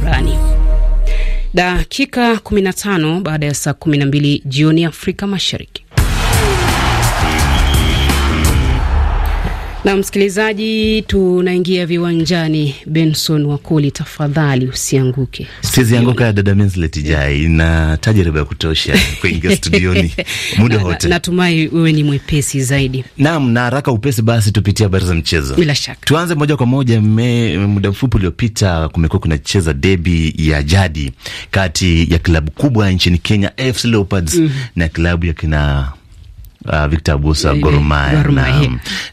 Durani. Dakika 15 baada ya saa 12 jioni Afrika Mashariki. Na msikilizaji, tunaingia viwanjani. Benson Wakoli, tafadhali usianguke, sizianguka. Dada Minslet Jai na tajriba ya kutosha kuingia studioni muda wote. Natumai wewe ni mwepesi zaidi. Naam, na haraka upesi, basi tupitie habari za mchezo. Bila shaka, tuanze moja kwa moja. Muda mfupi uliopita kumekuwa kunacheza debi ya jadi kati ya klabu kubwa nchini Kenya AFC Leopards mm -hmm. na klabu ya kina uh, Victor Busa Gorumaya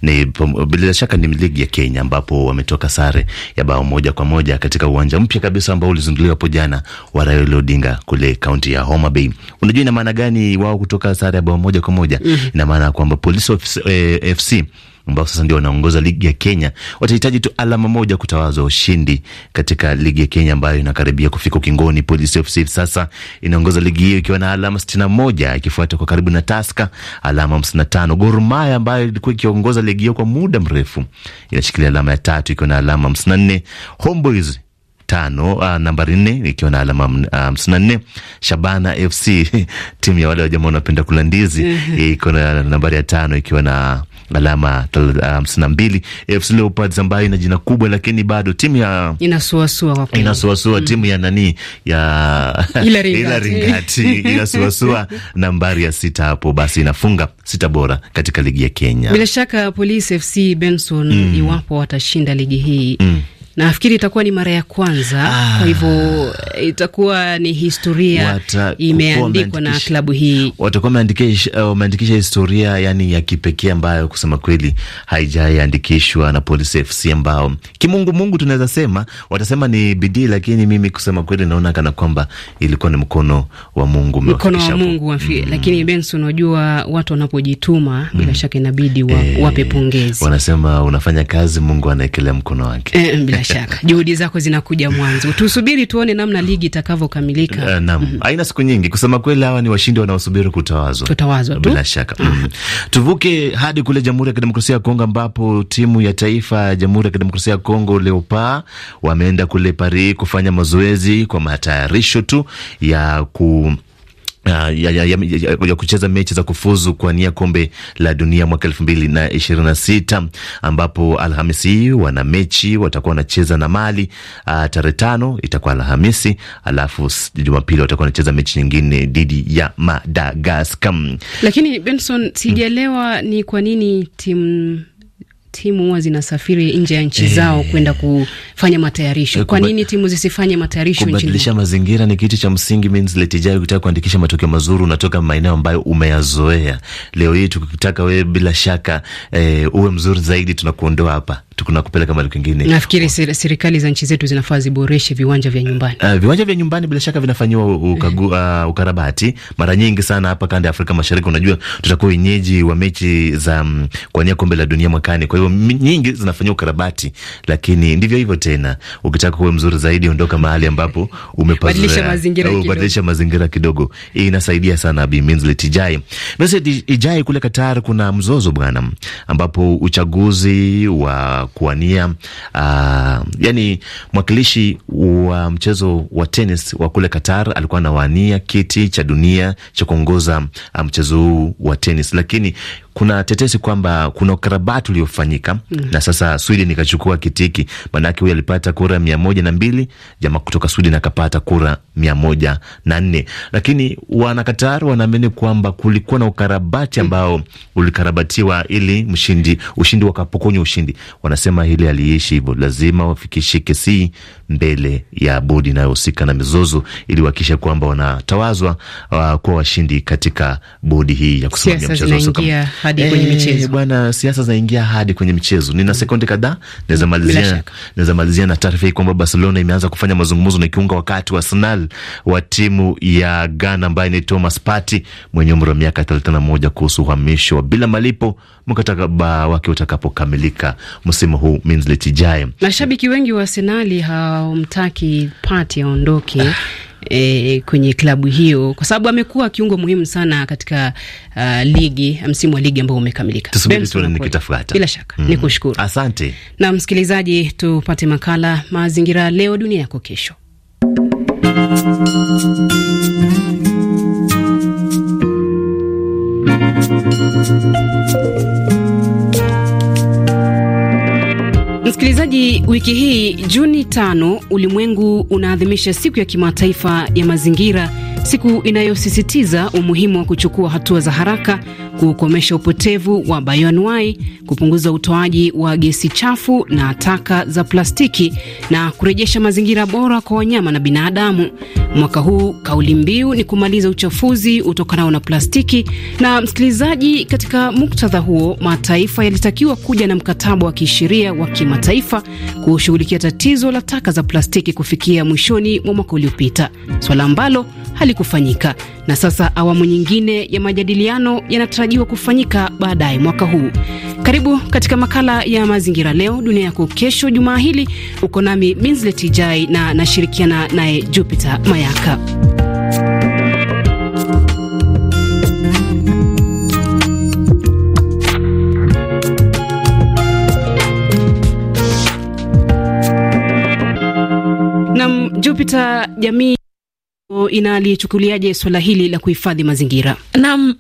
Ni bila shaka ni ligi ya Kenya ambapo wametoka sare ya bao moja kwa moja katika uwanja mpya kabisa ambao ulizinduliwa hapo jana wa Raila Odinga kule kaunti ya Homa Bay. Unajua ina maana gani wao kutoka sare ya bao moja kwa moja? Mm -hmm. Ina maana kwamba Police of, eh, FC ambao sasa ndio wanaongoza ligi ya Kenya, watahitaji tu alama moja kutawazwa ushindi katika ligi ya Kenya ambayo inakaribia kufika ukingoni. Police FC sasa inaongoza ligi hiyo ikiwa na alama 61 ikifuata kwa karibu na Taska alama 55. Gor Mahia ambayo ilikuwa ikiongoza ligi hiyo kwa muda mrefu inashikilia alama ya tatu ikiwa na alama 54. Homeboys tano uh, nambari nne ikiwa na alama hamsini ah, na nne. Shabana FC timu ya wale wajama wanapenda kula ndizi eh, iko na nambari ya tano ikiwa na alama 52. AFC Leopards ambayo ina jina kubwa, lakini bado timu ya inasuasua kwa kweli, inasuasua mm. timu ya nani ya ila ringati inasuasua nambari ya sita hapo, basi inafunga sita bora katika ligi ya Kenya. Bila shaka Police FC Benson, mm. iwapo watashinda ligi hii mm Nafikiri itakuwa ni mara ya kwanza ah, kwa hivyo eh, itakuwa ni historia imeandikwa na klabu hii. Watakuwa wameandikisha eh, uh, historia yani ya kipekee ambayo kusema kweli haijaandikishwa na Police FC ambao kimungu mungu tunaweza sema, watasema ni bidii, lakini mimi kusema kweli naona kana kwamba ilikuwa ni mkono wa Mungu, mkono wa Mungu mm Lakini Benson, unajua watu wanapojituma mm bila shaka inabidi wa, e, wape pongezi. Wanasema unafanya kazi, Mungu anaekelea mkono wake e, shaka juhudi zako zinakuja mwanzo. Tusubiri tuone namna ligi itakavyokamilika. Eh, naam, mm haina siku nyingi kusema kweli, hawa ni washindi wanaosubiri kutawazwa, kutawazwa tu bila shaka mm. Mhm. Tuvuke hadi kule Jamhuri ya Kidemokrasia ya Kongo ambapo timu ya taifa ya Jamhuri ya Kidemokrasia ya Kongo Leopards wameenda kule Paris kufanya mazoezi kwa matayarisho tu ya ku ya, ya, ya, ya, ya kucheza mechi za kufuzu kuania kombe la dunia mwaka elfu mbili na ishirini na sita ambapo Alhamisi wana mechi watakuwa wanacheza na Mali. Tarehe tano itakuwa Alhamisi, alafu Jumapili watakuwa wanacheza mechi nyingine dhidi ya Madagaskar. Lakini Benson, sijaelewa ni kwa nini timu timu huwa zinasafiri nje ya nchi zao kwenda ku fanya matayarisho. Eh, kwa nini timu zisifanye matayarisho nchini? Kubadilisha mazingira ni kitu cha msingi. Means letijayo ukitaka kuandikisha matokeo mazuri, unatoka maeneo ambayo umeyazoea. Leo hii tukitaka wewe bila shaka eh, uwe mzuri zaidi, tunakuondoa hapa tunakupeleka mahali kwingine. Nafikiri oh, serikali za nchi zetu zinafaa ziboreshe viwanja vya nyumbani. Uh, viwanja vya nyumbani bila shaka vinafanyiwa uh, ukarabati mara nyingi sana hapa kanda ya Afrika Mashariki. Unajua tutakuwa wenyeji wa mechi za um, kuwania kombe la dunia mwakani, kwa hivyo nyingi zinafanyiwa ukarabati, lakini ndivyo hivyo te tena. Ukitaka kuwe mzuri zaidi, ondoka mahali ambapo umebadilisha mazingira, eh, kidogo. mazingira kidogo. Hii inasaidia sana Bi Ijai. Minzlet Ijai, kule Qatar kuna mzozo bwana, ambapo uchaguzi wa kuwania uh, yani mwakilishi wa mchezo wa tenis wa kule Qatar alikuwa anawania kiti cha dunia cha kuongoza ah, mchezo huu wa tenis, lakini kuna tetesi kwamba kuna ukarabati uliofanyika mm. na sasa Sweden ikachukua kitiki, maanake huyu alipata kura mia moja na mbili, jamaa kutoka Sweden akapata kura mia moja na nne, lakini wanakatari wanaamini kwamba kulikuwa na ukarabati mm. ambao mm. ulikarabatiwa ili mshindi ushindi wakapokonywa ushindi. Wanasema hili aliishi hivyo, lazima wafikishe kesi mbele ya bodi inayohusika na mizozo ili wahakikishe kwamba wanatawazwa uh, kuwa washindi katika bodi hii ya kusimamia mchezo hadi kwenye eh, michezo bwana, siasa zaingia hadi kwenye michezo. Nina mm. sekunde kadhaa, naweza malizia, naweza malizia na taarifa hii kwamba Barcelona imeanza kufanya mazungumzo na kiunga wakati wa Arsenal wa timu ya Ghana ambaye ni Thomas Partey mwenye umri wa miaka 31 kuhusu uhamisho bila malipo mkataba wake utakapokamilika msimu huu minzletijaye. Mashabiki wengi wa Arsenal hawamtaki Partey aondoke ah e, kwenye klabu hiyo, kwa sababu amekuwa kiungo muhimu sana katika uh, ligi msimu wa ligi ambao umekamilika. Tusubiri tuone bila shaka mm. Nikushukuru, asante. Na msikilizaji, tupate makala mazingira leo dunia yako kesho Msikilizaji, wiki hii Juni tano, ulimwengu unaadhimisha siku ya kimataifa ya mazingira, siku inayosisitiza umuhimu wa kuchukua hatua za haraka kukomesha upotevu wa bayoanuai, kupunguza utoaji wa gesi chafu na taka za plastiki na kurejesha mazingira bora kwa wanyama na binadamu. Mwaka huu kauli mbiu ni kumaliza uchafuzi utokanao na plastiki. Na msikilizaji, katika muktadha huo, mataifa yalitakiwa kuja na mkataba wa kisheria wa kimataifa kushughulikia tatizo la taka za plastiki kufikia mwishoni mwa mwaka uliopita, swala ambalo halikufanyika, na sasa awamu nyingine ya majadiliano yanatarajiwa kufanyika baadaye mwaka huu. Karibu katika makala ya mazingira leo dunia yako kesho. Jumaa hili uko nami Minslet Ijai na nashirikiana naye Jupiter Mayaka. Nam Jupiter jamii inalichukuliaje swala hili la kuhifadhi mazingira? Naam,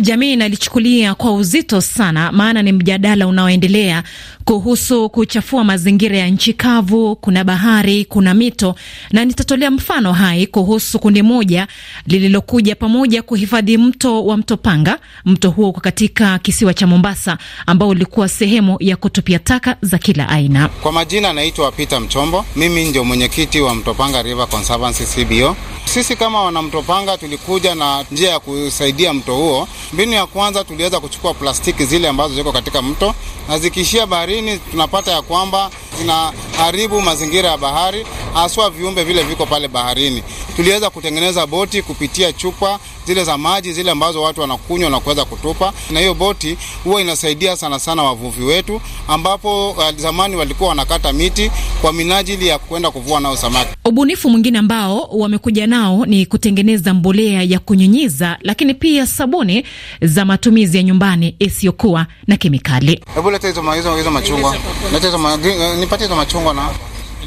jamii inalichukulia kwa uzito sana, maana ni mjadala unaoendelea kuhusu kuchafua mazingira ya nchi kavu. Kuna bahari, kuna mito, na nitatolea mfano hai kuhusu kundi moja lililokuja pamoja kuhifadhi mto wa mto Panga. Mto huo uko katika kisiwa cha Mombasa, ambao ulikuwa sehemu ya kutupia taka za kila aina. Kwa majina anaitwa Peter Mchombo, mimi ndio mwenyekiti wa Mtopanga River Conservancy CBO. Sisi kama wanamtopanga tulikuja na njia ya kusaidia mto huo. Mbinu ya kwanza tuliweza kuchukua plastiki zile ambazo ziko katika mto na zikiishia baharini, tunapata ya kwamba zinaharibu mazingira ya bahari, haswa viumbe vile viko pale baharini. Tuliweza kutengeneza boti kupitia chupa zile za maji zile ambazo watu wanakunywa na kuweza kutupa, na hiyo boti huwa inasaidia sana sana wavuvi wetu, ambapo ah, zamani walikuwa wanakata miti kwa minajili ya kwenda kuvua nao samaki. Ubunifu mwingine ambao wamekuja nao ni kutengeneza mbolea ya kunyunyiza, lakini pia sabuni za matumizi ya nyumbani isiyokuwa na kemikali. Hebu leta hizo machungwa, eh, nipatie hizo machungwa na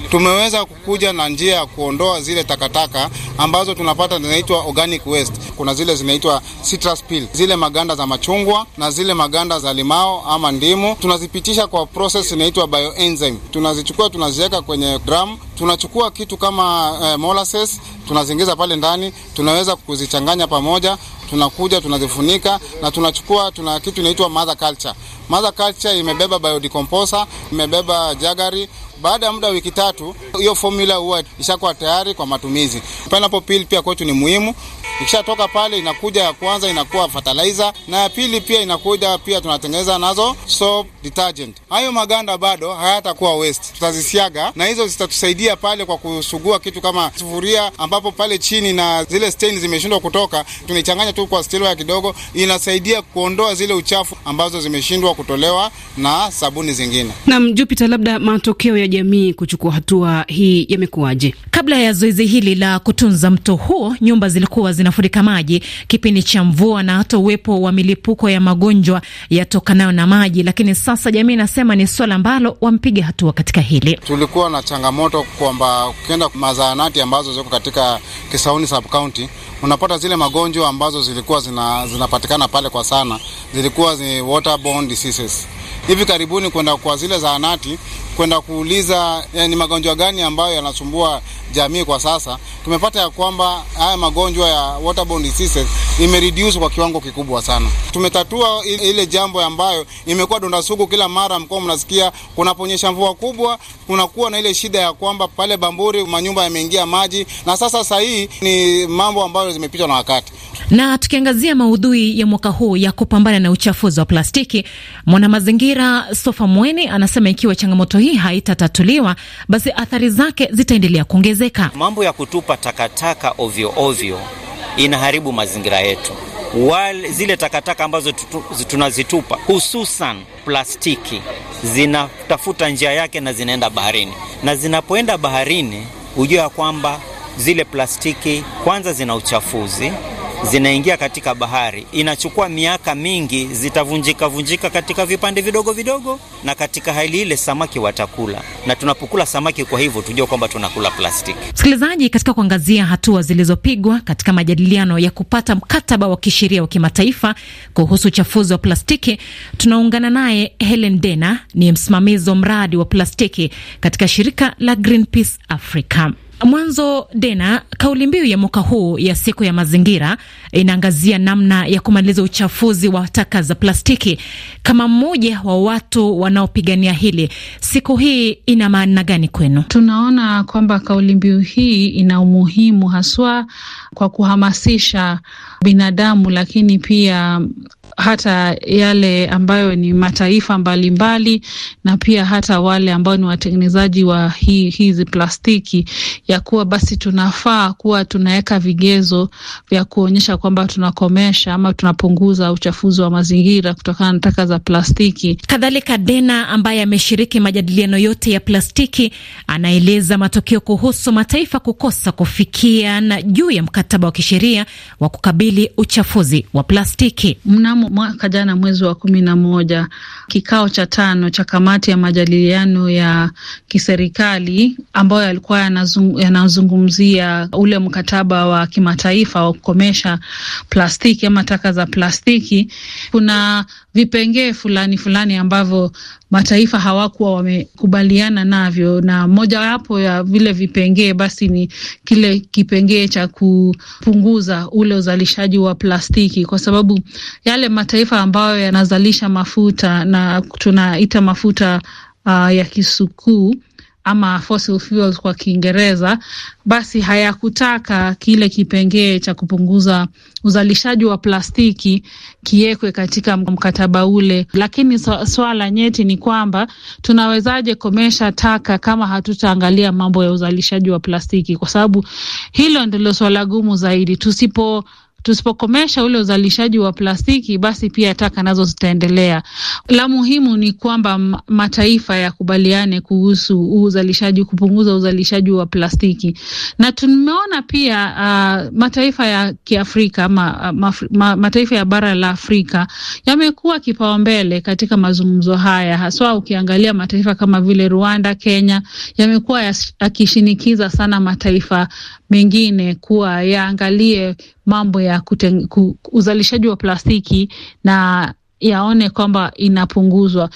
tumeweza kukuja na njia ya kuondoa zile takataka ambazo tunapata zinaitwa organic waste. Kuna zile zinaitwa citrus peel, zile maganda za machungwa na zile maganda za limao ama ndimu, tunazipitisha kwa process inaitwa bioenzyme. Tunazichukua tunaziweka kwenye drum, tunachukua kitu kama eh, molasses tunaziingiza pale ndani, tunaweza kuzichanganya pamoja, tunakuja tunazifunika na tunachukua, tuna kitu inaitwa mother culture. Mother culture imebeba biodecomposer, imebeba jagari baada ya muda wiki tatu, hiyo formula huwa ishakuwa tayari kwa matumizi. Pineapple peel pia kwetu ni muhimu ikishatoka pale inakuja ya kwanza inakuwa fertilizer na ya pili pia inakuja pia tunatengeneza nazo soap detergent. Hayo maganda bado hayatakuwa waste, tutazisiaga na hizo zitatusaidia pale kwa kusugua kitu kama sufuria, ambapo pale chini na zile stain zimeshindwa kutoka, tunaichanganya tu kwa ya kidogo, inasaidia kuondoa zile uchafu ambazo zimeshindwa kutolewa na sabuni zingine. Na Jupiter, labda matokeo ya jamii kuchukua hatua hii yamekuwaje? Kabla ya zoezi hili la kutunza mto huo, nyumba zilikuwa zina zinafurika maji kipindi cha mvua na hata uwepo wa milipuko ya magonjwa yatokanayo na maji, lakini sasa jamii inasema ni swala ambalo wampiga hatua katika hili. Tulikuwa na changamoto kwamba ukienda mazaanati ambazo ziko katika Kisauni sub county unapata zile magonjwa ambazo zilikuwa zina, zinapatikana pale kwa sana zilikuwa ni waterborne diseases. Hivi karibuni kwenda kwa zile zaanati kwenda kuuliza eh, ni magonjwa gani ambayo yanasumbua jamii kwa sasa, tumepata ya kwamba haya magonjwa ya waterborne diseases imereduce kwa kiwango kikubwa sana. Tumetatua ile jambo ambayo imekuwa donda sugu. Kila mara mkoa mnasikia kunaponyesha mvua kubwa, kunakuwa na ile shida ya kwamba pale Bamburi manyumba yameingia maji, na sasa saa hii ni mambo ambayo zimepitwa na wakati. Na tukiangazia maudhui ya mwaka huu ya kupambana na uchafuzi wa plastiki, mwanamazingira Sofa Mweni anasema ikiwa changamoto hii haitatatuliwa, basi athari zake zitaendelea kuongezeka. Mambo ya kutupa takataka ovyo ovyo inaharibu mazingira yetu. Wale, zile takataka ambazo tutu, tunazitupa hususan plastiki zinatafuta njia yake na zinaenda baharini, na zinapoenda baharini hujua ya kwamba zile plastiki kwanza zina uchafuzi zinaingia katika bahari, inachukua miaka mingi, zitavunjika vunjika katika vipande vidogo vidogo, na katika hali ile samaki watakula, na tunapokula samaki, kwa hivyo tujue kwamba tunakula plastiki. Msikilizaji, katika kuangazia hatua zilizopigwa katika majadiliano ya kupata mkataba wa kisheria wa kimataifa kuhusu uchafuzi wa plastiki, tunaungana naye Helen Dena, ni msimamizi wa mradi wa plastiki katika shirika la Greenpeace Africa. Mwanzo Dena, kauli mbiu ya mwaka huu ya siku ya mazingira inaangazia namna ya kumaliza uchafuzi wa taka za plastiki. Kama mmoja wa watu wanaopigania hili, siku hii ina maana gani kwenu? Tunaona kwamba kauli mbiu hii ina umuhimu haswa kwa kuhamasisha binadamu, lakini pia hata yale ambayo ni mataifa mbalimbali mbali, na pia hata wale ambao ni watengenezaji wa hii hizi plastiki ya kuwa basi tunafaa kuwa tunaweka vigezo vya kuonyesha kwamba tunakomesha ama tunapunguza uchafuzi wa mazingira kutokana na taka za plastiki. Kadhalika, Dena ambaye ameshiriki majadiliano yote ya plastiki anaeleza matokeo kuhusu mataifa kukosa kufikia na juu ya mkataba wa kisheria wa kukabili uchafuzi wa plastiki mnamo mwaka jana mwezi wa kumi na moja kikao cha tano cha kamati ya majadiliano ya kiserikali ambayo yalikuwa yanazungumzia ya ule mkataba wa kimataifa wa kukomesha plastiki ama taka za plastiki. Kuna vipengee fulani fulani ambavyo mataifa hawakuwa wamekubaliana navyo, na mojawapo ya vile vipengee basi ni kile kipengee cha kupunguza ule uzalishaji wa plastiki, kwa sababu yale mataifa ambayo yanazalisha mafuta na tunaita mafuta uh, ya kisukuu ama fossil fuels kwa Kiingereza, basi hayakutaka kile kipengee cha kupunguza uzalishaji wa plastiki kiwekwe katika mkataba ule. Lakini swala nyeti ni kwamba tunawezaje komesha taka kama hatutaangalia mambo ya uzalishaji wa plastiki, kwa sababu hilo ndilo swala gumu zaidi. Tusipo tusipokomesha ule uzalishaji wa plastiki, basi pia taka nazo zitaendelea. La muhimu ni kwamba mataifa yakubaliane kuhusu uzalishaji, kupunguza uzalishaji wa plastiki, na tumeona pia uh, mataifa ya Kiafrika ma, uh, ma, ma, mataifa ya bara la Afrika yamekuwa kipaumbele katika mazungumzo haya, haswa ukiangalia mataifa kama vile Rwanda, Kenya yamekuwa yakishinikiza sana mataifa mengine kuwa yaangalie mambo ya kuten, ku, uzalishaji wa plastiki na yaone kwamba inapunguzwa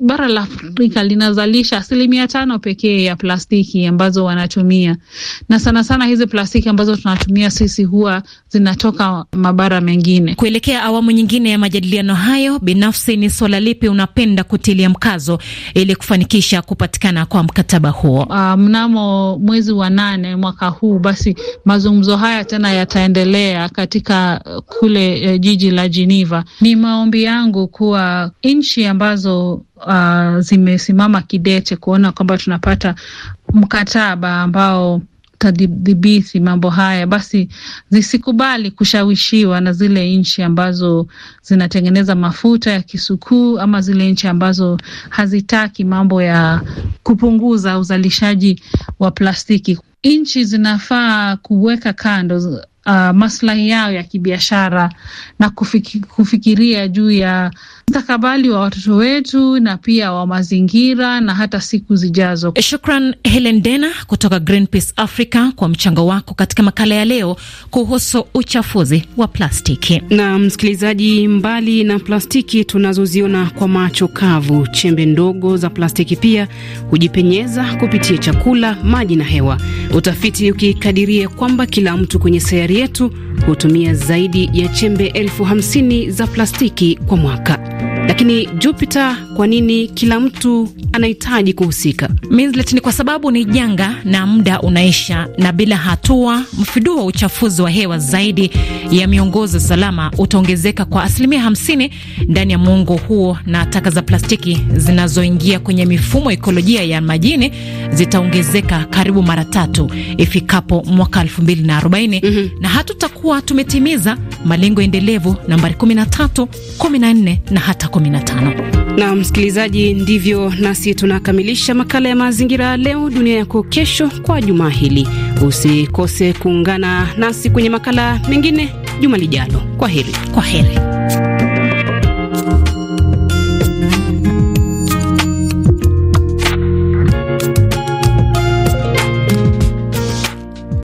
bara la Afrika linazalisha asilimia tano pekee ya plastiki ambazo wanatumia, na sana sana hizi plastiki ambazo tunatumia sisi huwa zinatoka mabara mengine. Kuelekea awamu nyingine ya majadiliano hayo, binafsi ni swala lipi unapenda kutilia mkazo ili kufanikisha kupatikana kwa mkataba huo? Uh, mnamo mwezi wa nane mwaka huu, basi mazungumzo haya tena yataendelea katika eh, kule, uh, jiji la Geneva. Ni maombi yangu kuwa nchi ambazo uh, zimesimama kidete kuona kwamba tunapata mkataba ambao tadhibiti mambo haya, basi zisikubali kushawishiwa na zile nchi ambazo zinatengeneza mafuta ya kisukuu ama zile nchi ambazo hazitaki mambo ya kupunguza uzalishaji wa plastiki. Nchi zinafaa kuweka kando uh, maslahi yao ya kibiashara na kufiki, kufikiria juu ya mstakabali wa watoto wetu na pia wa mazingira na hata siku zijazo. Shukran Helen Dena kutoka Greenpeace Africa kwa mchango wako katika makala ya leo kuhusu uchafuzi wa plastiki. Na msikilizaji, mbali na plastiki tunazoziona kwa macho kavu, chembe ndogo za plastiki pia hujipenyeza kupitia chakula, maji na hewa, utafiti ukikadiria kwamba kila mtu kwenye sayari yetu hutumia zaidi ya chembe elfu hamsini za plastiki kwa mwaka. Lakini Jupiter, kwa nini kila mtu anahitaji kuhusika? Mislet, ni kwa sababu ni janga na muda unaisha, na bila hatua, mfiduo wa uchafuzi wa hewa zaidi ya miongozo salama utaongezeka kwa asilimia hamsini ndani ya muongo huo, na taka za plastiki zinazoingia kwenye mifumo ekolojia ya majini zitaongezeka karibu mara tatu ifikapo mwaka 2040 na, mm -hmm. na hatutakuwa tumetimiza malengo endelevu nambari 13, 14 na hata 15. Na msikilizaji, ndivyo nasi tunakamilisha makala ya mazingira leo dunia yako kesho kwa juma hili. Usikose kuungana nasi kwenye makala mengine juma lijalo. Kwa heri, kwa heri.